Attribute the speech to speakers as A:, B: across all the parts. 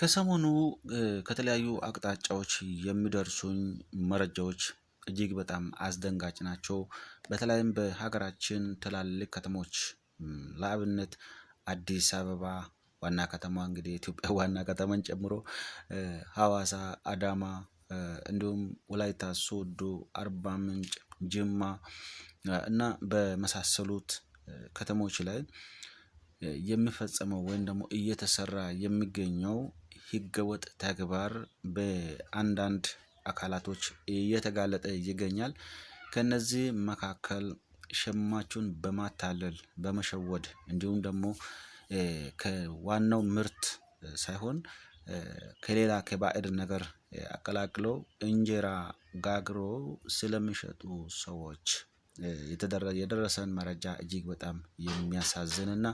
A: ከሰሞኑ ከተለያዩ አቅጣጫዎች የሚደርሱኝ መረጃዎች እጅግ በጣም አስደንጋጭ ናቸው። በተለይም በሀገራችን ትላልቅ ከተሞች ለአብነት አዲስ አበባ ዋና ከተማ እንግዲህ የኢትዮጵያ ዋና ከተማን ጨምሮ ሀዋሳ፣ አዳማ እንዲሁም ወላይታ ሶዶ፣ አርባ ምንጭ፣ ጅማ እና በመሳሰሉት ከተሞች ላይ የሚፈጸመው ወይም ደግሞ እየተሰራ የሚገኘው ህገወጥ ተግባር በአንዳንድ አካላቶች እየተጋለጠ ይገኛል። ከነዚህ መካከል ሸማቹን በማታለል በመሸወድ እንዲሁም ደግሞ ከዋናው ምርት ሳይሆን ከሌላ ከባዕድ ነገር አቀላቅለው እንጀራ ጋግሮ ስለሚሸጡ ሰዎች የደረሰን መረጃ እጅግ በጣም የሚያሳዝንና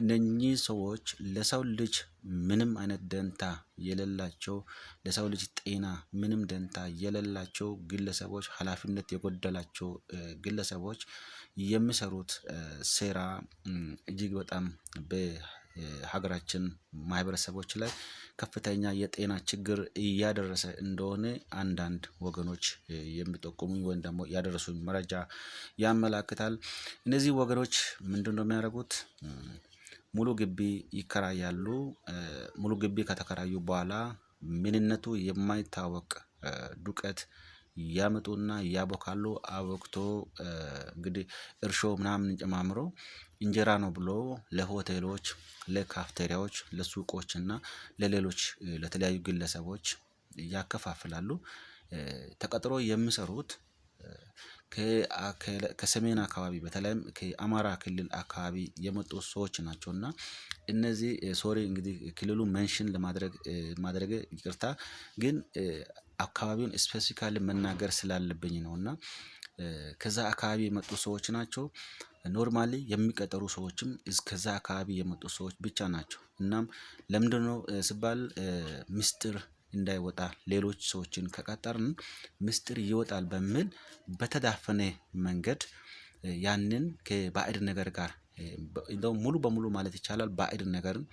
A: እነኚህ ሰዎች ለሰው ልጅ ምንም አይነት ደንታ የሌላቸው ለሰው ልጅ ጤና ምንም ደንታ የሌላቸው ግለሰቦች ሀላፊነት የጎደላቸው ግለሰቦች የሚሰሩት ሴራ እጅግ በጣም በሀገራችን ማህበረሰቦች ላይ ከፍተኛ የጤና ችግር እያደረሰ እንደሆነ አንዳንድ ወገኖች የሚጠቁሙኝ ወይም ደግሞ ያደረሱኝ መረጃ ያመላክታል። እነዚህ ወገኖች ምንድን ነው የሚያደርጉት? ሙሉ ግቢ ይከራያሉ። ሙሉ ግቢ ከተከራዩ በኋላ ምንነቱ የማይታወቅ ዱቄት ያመጡና ያቦካሉ አቦክቶ እንግዲህ እርሾ ምናምን ጨማምሮ እንጀራ ነው ብሎ ለሆቴሎች ለካፍቴሪያዎች ለሱቆች እና ለሌሎች ለተለያዩ ግለሰቦች ያከፋፍላሉ። ተቀጥሮ የሚሰሩት ከሰሜን አካባቢ በተለይም ከአማራ ክልል አካባቢ የመጡ ሰዎች ናቸው። እና እነዚህ ሶሪ እንግዲህ ክልሉን መንሽን ለማድረግ ይቅርታ ግን አካባቢውን ስፔሲፊካሊ መናገር ስላለብኝ ነው። እና ከዛ አካባቢ የመጡ ሰዎች ናቸው። ኖርማሊ የሚቀጠሩ ሰዎችም ከዛ አካባቢ የመጡ ሰዎች ብቻ ናቸው። እናም ለምንድነው ሲባል ሚስጥር እንዳይወጣ ሌሎች ሰዎችን ከቀጠርን ምስጢር ይወጣል በሚል በተዳፈነ መንገድ ያንን ከባዕድ ነገር ጋር እንደው ሙሉ በሙሉ ማለት ይቻላል ባዕድ ነገርን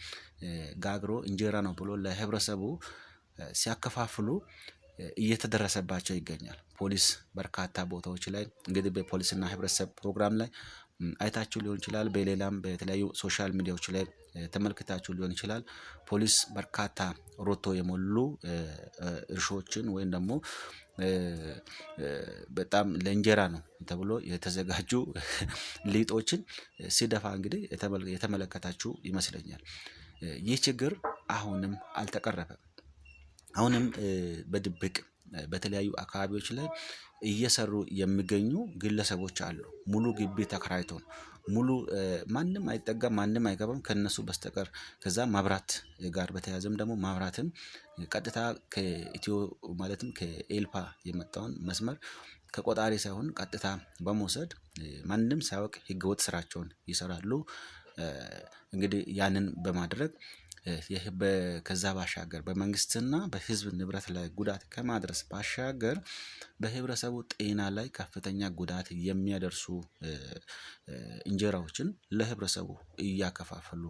A: ጋግሮ እንጀራ ነው ብሎ ለህብረተሰቡ ሲያከፋፍሉ እየተደረሰባቸው ይገኛል። ፖሊስ በርካታ ቦታዎች ላይ እንግዲህ በፖሊስና ህብረተሰብ ፕሮግራም ላይ አይታችሁ ሊሆን ይችላል። በሌላም በተለያዩ ሶሻል ሚዲያዎች ላይ ተመልክታችሁ ሊሆን ይችላል። ፖሊስ በርካታ ሮቶ የሞሉ እርሾችን ወይም ደግሞ በጣም ለእንጀራ ነው ተብሎ የተዘጋጁ ሊጦችን ሲደፋ እንግዲህ የተመለከታችሁ ይመስለኛል። ይህ ችግር አሁንም አልተቀረፈም። አሁንም በድብቅ በተለያዩ አካባቢዎች ላይ እየሰሩ የሚገኙ ግለሰቦች አሉ። ሙሉ ግቢ ተከራይቶ ሙሉ ማንም አይጠጋም ማንም አይገባም ከነሱ በስተቀር ከዛ ማብራት ጋር በተያያዘም ደግሞ ማብራትም ቀጥታ ከኢትዮ ማለትም ከኤልፓ የመጣውን መስመር ከቆጣሪ ሳይሆን ቀጥታ በመውሰድ ማንም ሳያውቅ ህገወጥ ስራቸውን ይሰራሉ። እንግዲህ ያንን በማድረግ ከዛ ባሻገር በመንግስትና በህዝብ ንብረት ላይ ጉዳት ከማድረስ ባሻገር በህብረተሰቡ ጤና ላይ ከፍተኛ ጉዳት የሚያደርሱ እንጀራዎችን ለህብረተሰቡ እያከፋፈሉ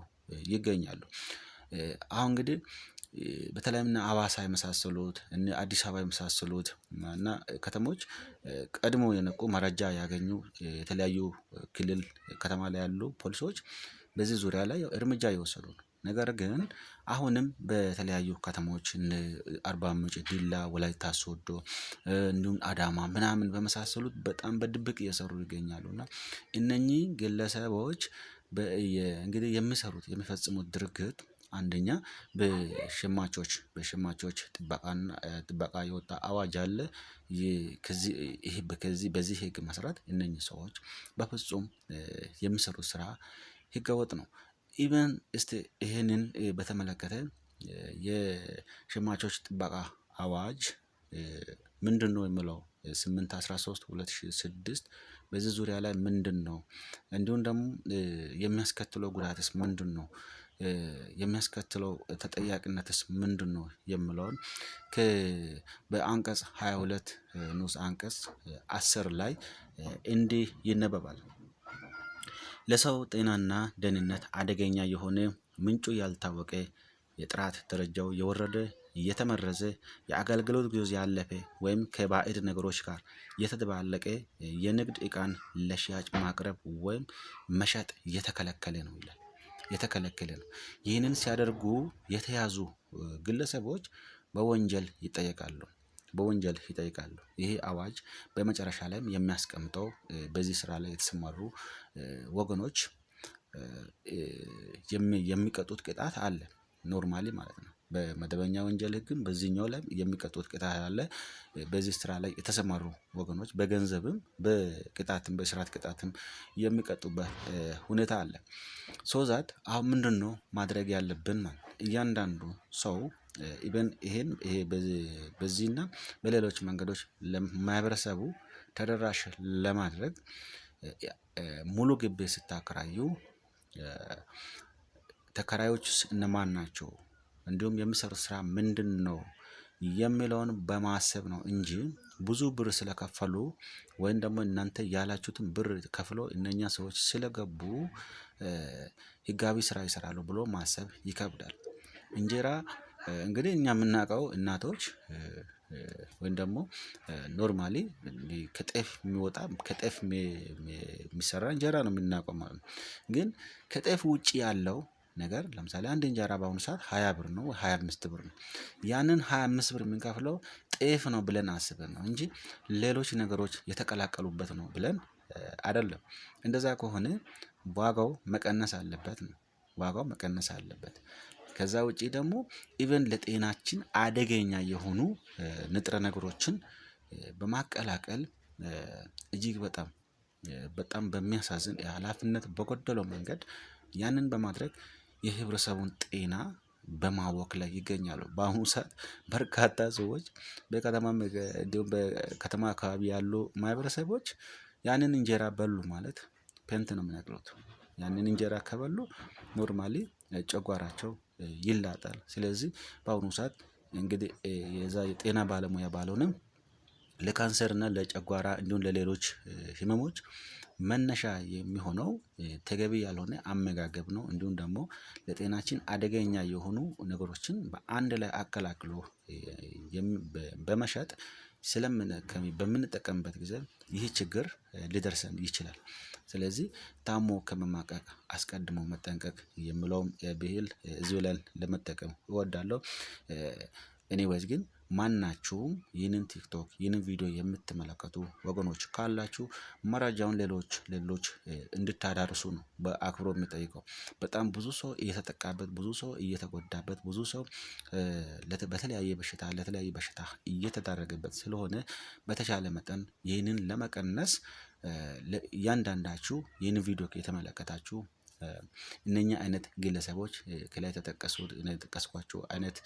A: ይገኛሉ። አሁን እንግዲህ በተለይም እነ አባሳ የመሳሰሉት እነ አዲስ አበባ የመሳሰሉት እና ከተሞች ቀድሞ የነቁ መረጃ ያገኙ የተለያዩ ክልል ከተማ ላይ ያሉ ፖሊሶች በዚህ ዙሪያ ላይ እርምጃ እየወሰዱ ነው ነገር ግን አሁንም በተለያዩ ከተሞች አርባ ምንጭ ዲላ ወላይታ ሶዶ እንዲሁም አዳማ ምናምን በመሳሰሉት በጣም በድብቅ እየሰሩ ይገኛሉ። እና እነኚህ ግለሰቦች እንግዲህ የሚሰሩት የሚፈጽሙት ድርግት አንደኛ በሸማቾች በሸማቾች ጥበቃ የወጣ አዋጅ አለ። ከዚህ ከዚህ በዚህ ህግ መሰረት እነኚህ ሰዎች በፍጹም የሚሰሩት ስራ ህገወጥ ነው ኢቨን እስቲ ይህንን በተመለከተ የሸማቾች ጥበቃ አዋጅ ምንድን ነው የሚለው ስምንት አስራ ሶስት ሁለት ስድስት በዚህ ዙሪያ ላይ ምንድን ነው እንዲሁም ደግሞ የሚያስከትለው ጉዳትስ ምንድን ነው? የሚያስከትለው ተጠያቂነትስ ምንድን ነው? የምለውን በአንቀጽ ሃያ ሁለት ንዑስ አንቀጽ አስር ላይ እንዲህ ይነበባል ለሰው ጤናና ደህንነት አደገኛ የሆነ ምንጩ ያልታወቀ የጥራት ደረጃው የወረደ የተመረዘ የአገልግሎት ጊዜ ያለፈ ወይም ከባዕድ ነገሮች ጋር የተደባለቀ የንግድ እቃን ለሽያጭ ማቅረብ ወይም መሸጥ የተከለከለ ነው ይላል። የተከለከለ ነው። ይህንን ሲያደርጉ የተያዙ ግለሰቦች በወንጀል ይጠየቃሉ በወንጀል ይጠይቃሉ። ይሄ አዋጅ በመጨረሻ ላይም የሚያስቀምጠው በዚህ ስራ ላይ የተሰማሩ ወገኖች የሚቀጡት ቅጣት አለ ኖርማሊ ማለት ነው። በመደበኛ ወንጀል ህግም በዚህኛው ላይ የሚቀጡት ቅጣት አለ። በዚህ ስራ ላይ የተሰማሩ ወገኖች በገንዘብም በቅጣትም በስርዓት ቅጣትም የሚቀጡበት ሁኔታ አለ። ሶዛት አሁን አሁን ምንድነው ማድረግ ያለብን? እያንዳንዱ ሰው ኢቨን ይሄን ይሄ በዚህና በሌሎች መንገዶች ለማህበረሰቡ ተደራሽ ለማድረግ ሙሉ ግቢ ስታከራዩ ተከራዮች እነማን ናቸው፣ እንዲሁም የሚሰሩ ስራ ምንድን ነው የሚለውን በማሰብ ነው እንጂ ብዙ ብር ስለከፈሉ ወይም ደግሞ እናንተ ያላችሁትን ብር ከፍሎ እነኛ ሰዎች ስለገቡ ህጋዊ ስራ ይሰራሉ ብሎ ማሰብ ይከብዳል። እንጀራ እንግዲህ እኛ የምናውቀው እናቶች ወይም ደግሞ ኖርማሊ ከጤፍ የሚወጣ ከጤፍ የሚሰራ እንጀራ ነው የምናውቀው ማለት ነው። ግን ከጤፍ ውጭ ያለው ነገር ለምሳሌ አንድ እንጀራ በአሁኑ ሰዓት ሀያ ብር ነው ሀያ አምስት ብር ነው። ያንን ሀያ አምስት ብር የምንከፍለው ጤፍ ነው ብለን አስበን ነው እንጂ ሌሎች ነገሮች የተቀላቀሉበት ነው ብለን አይደለም እንደዛ ከሆነ ዋጋው መቀነስ አለበት ነው። ዋጋው መቀነስ አለበት ከዛ ውጪ ደግሞ ኢቨን ለጤናችን አደገኛ የሆኑ ንጥረ ነገሮችን በማቀላቀል እጅግ በጣም በጣም በሚያሳዝን ሀላፊነት በጎደለው መንገድ ያንን በማድረግ የህብረተሰቡን ጤና በማወክ ላይ ይገኛሉ። በአሁኑ ሰዓት በርካታ ሰዎች በከተማ እንዲሁም በከተማ አካባቢ ያሉ ማህበረሰቦች ያንን እንጀራ በሉ ማለት ፔንት ነው የሚነቅሉት ያንን እንጀራ ከበሉ ኖርማሊ ጨጓራቸው ይላጣል። ስለዚህ በአሁኑ ሰዓት እንግዲህ የዛ የጤና ባለሙያ ባልሆነም ለካንሰር ለጨጓራ እንዲሁም ለሌሎች ህመሞች መነሻ የሚሆነው ተገቢ ያልሆነ አመጋገብ ነው። እንዲሁም ደግሞ ለጤናችን አደገኛ የሆኑ ነገሮችን በአንድ ላይ አቀላቅሎ በመሸጥ ስለምን በምንጠቀምበት ጊዜ ይህ ችግር ሊደርሰን ይችላል። ስለዚህ ታሞ ከመማቀቅ አስቀድሞ መጠንቀቅ የምለውም ብሂል እዚሁ ላይ ለመጠቀም እወዳለሁ። ኤኒዌይስ ግን ማናችሁም ይህንን ቲክቶክ ይህንን ቪዲዮ የምትመለከቱ ወገኖች ካላችሁ መረጃውን ሌሎች ሌሎች እንድታዳርሱ ነው በአክብሮ የሚጠይቀው። በጣም ብዙ ሰው እየተጠቃበት፣ ብዙ ሰው እየተጎዳበት፣ ብዙ ሰው በተለያየ በሽታ ለተለያየ በሽታ እየተዳረገበት ስለሆነ በተቻለ መጠን ይህንን ለመቀነስ እያንዳንዳችሁ ይህን ቪዲዮ የተመለከታችሁ እነኛ አይነት ግለሰቦች ከላይ ተጠቀሱት የተጠቀስኳቸው አይነት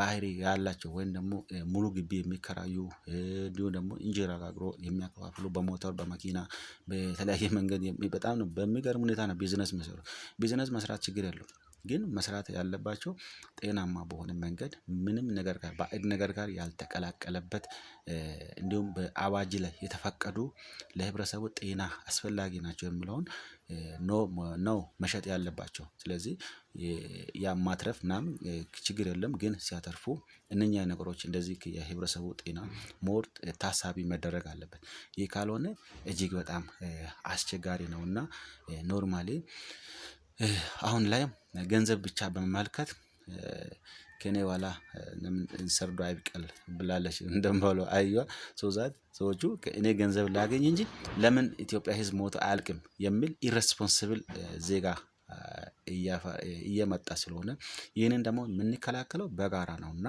A: ባህሪ ያላቸው ወይም ደግሞ ሙሉ ግቢ የሚከራዩ እንዲሁም ደግሞ እንጀራ ጋግሮ የሚያከፋፍሉ በሞተር በመኪና በተለያየ መንገድ በጣም ነው በሚገርም ሁኔታ ነው ቢዝነስ የሚሰሩት ቢዝነስ መስራት ችግር የለውም ግን መስራት ያለባቸው ጤናማ በሆነ መንገድ ምንም ነገር ጋር ባዕድ ነገር ጋር ያልተቀላቀለበት እንዲሁም በአዋጅ ላይ የተፈቀዱ ለህብረተሰቡ ጤና አስፈላጊ ናቸው የሚለውን ነው መሸጥ ያለባቸው። ስለዚህ ያ ማትረፍ ምናምን ችግር የለም። ግን ሲያተርፉ እነኛ ነገሮች እንደዚህ የህብረተሰቡ ጤና ሞር ታሳቢ መደረግ አለበት። ይህ ካልሆነ እጅግ በጣም አስቸጋሪ ነውና ኖርማሊ አሁን ላይ ገንዘብ ብቻ በመመልከት ከእኔ ዋላ ሰርዶ አይብቀል ብላለች እንደምባለው አህያዋ ሰውዛት ሰዎቹ እኔ ገንዘብ ላገኝ እንጂ ለምን ኢትዮጵያ ሕዝብ ሞቶ አያልቅም የሚል ኢረስፖንስብል ዜጋ እየመጣ ስለሆነ ይህንን ደግሞ የምንከላከለው በጋራ ነው እና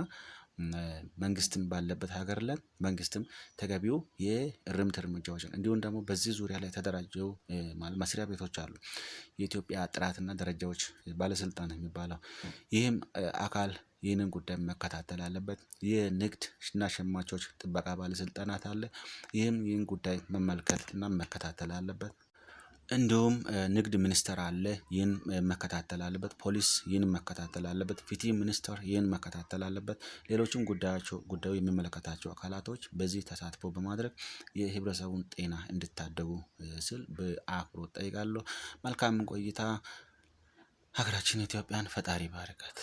A: መንግስትም ባለበት ሀገር ላይ መንግስትም ተገቢው የእርምት እርምጃዎችን እንዲሁም ደግሞ በዚህ ዙሪያ ላይ ተደራጀው መስሪያ ቤቶች አሉ። የኢትዮጵያ ጥራትና ደረጃዎች ባለስልጣን የሚባለው ይህም አካል ይህንን ጉዳይ መከታተል አለበት። የንግድ እና ሸማቾች ጥበቃ ባለስልጣናት አለ። ይህም ይህን ጉዳይ መመልከት እና መከታተል አለበት እንዲሁም ንግድ ሚኒስተር አለ ይህን መከታተል አለበት። ፖሊስ ይህን መከታተል አለበት። ፍትህ ሚኒስተር ይህን መከታተል አለበት። ሌሎችም ጉዳያቸው ጉዳዩ የሚመለከታቸው አካላቶች በዚህ ተሳትፎ በማድረግ የህብረተሰቡን ጤና እንድታደጉ ስል በአክብሮት ጠይቃለሁ። መልካም ቆይታ። ሀገራችን ኢትዮጵያን ፈጣሪ ይባርካት